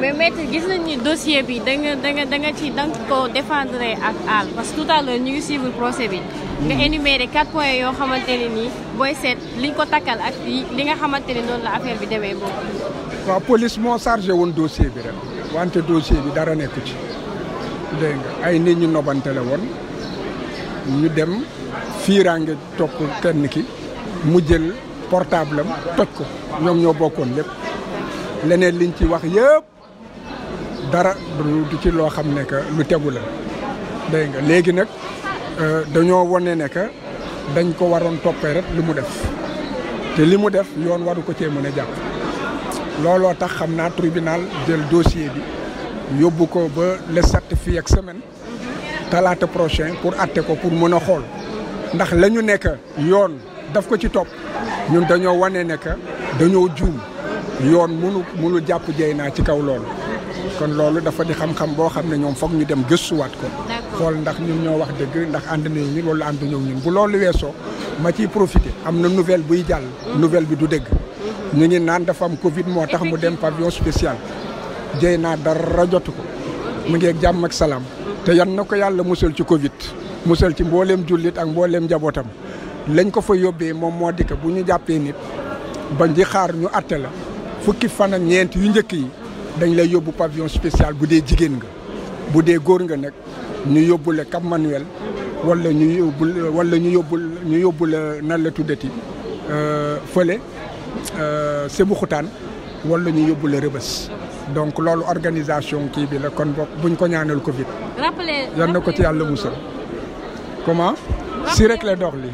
mais maître gis nañ ni bi da nga da da nga ci da ko défendre ak àll parce que tout ñu ngi suivre procès bi. nga mhm. énuméré quatre points yoo xamante ne nii booy liñ ko takkal ak li nga xamante ne noonu la affaire bi demee boobu. waaw police moo chargé woon dossier bi rek wante dossier bi dara nekku ci dégg ay nit ñu nobante la woon ñu dem fiiraange topp kenn ki mu jël portable am toj ko ñoom ñoo bokkoon lépp leneen liñ ci wax yëpp. dara du ci loo xam ne que lu tegu la dégg nga léegi nag euh, dañoo wane ne que dañ ko waroon toppee rek li mu def te li mu def yoon waru ko cee mën a jàpp looloo tax xam naa tribinal jël dossier bi yóbbu ko ba le sept fii ak semaine talaata prochain pour atte ko pour mën a xool ndax lañu ñu nekk yoon daf ko ci topp ñun dañoo wane ne que dañoo juum yoon munu munu jàpp jey naa ci kaw loolu kon loolu dafa di xam-xam boo xam ne ñoom foog ñu dem gëstuwaat ko xool ndax ñun ñoo wax dëgg ndax ànd nañ ñun wala ànd ñëw ñun bu loolu weesoo ma ciy profité am na nouvelle buy jàll mm-hmm. nouvelle bi du dëgg mm-hmm. ñu ngi naan dafa am covid moo tax mu dem pavillon spécial jëy naa dara jotu ko mu ngi ak jàmm ak salaam te yan na ko yàlla musal ci covid musal ci mbooleem jullit ak mbooleem njabootam lañ ko fa yóbbee moom moo di ko bu ñu jàppee nit ba nji xaar ñu atte la fukki fan ak ñeent yu njëkk yi dañ lay yóbbu pavillon spécial bu dee jigéen nga bu dee góor nga nag ñu yóbbu la Cap Manuel walla ñu wala ñu yóbbul ñu yóbbu la nan la tuddati euh, fële euh, Sébou Xutaan wala ñu yóbbu la Rëbës donc loolu organisation kii bi la kon buñ ko ñaanal Covid. rappelé yan na ko ci yàlla musal. comment. si rek la dox li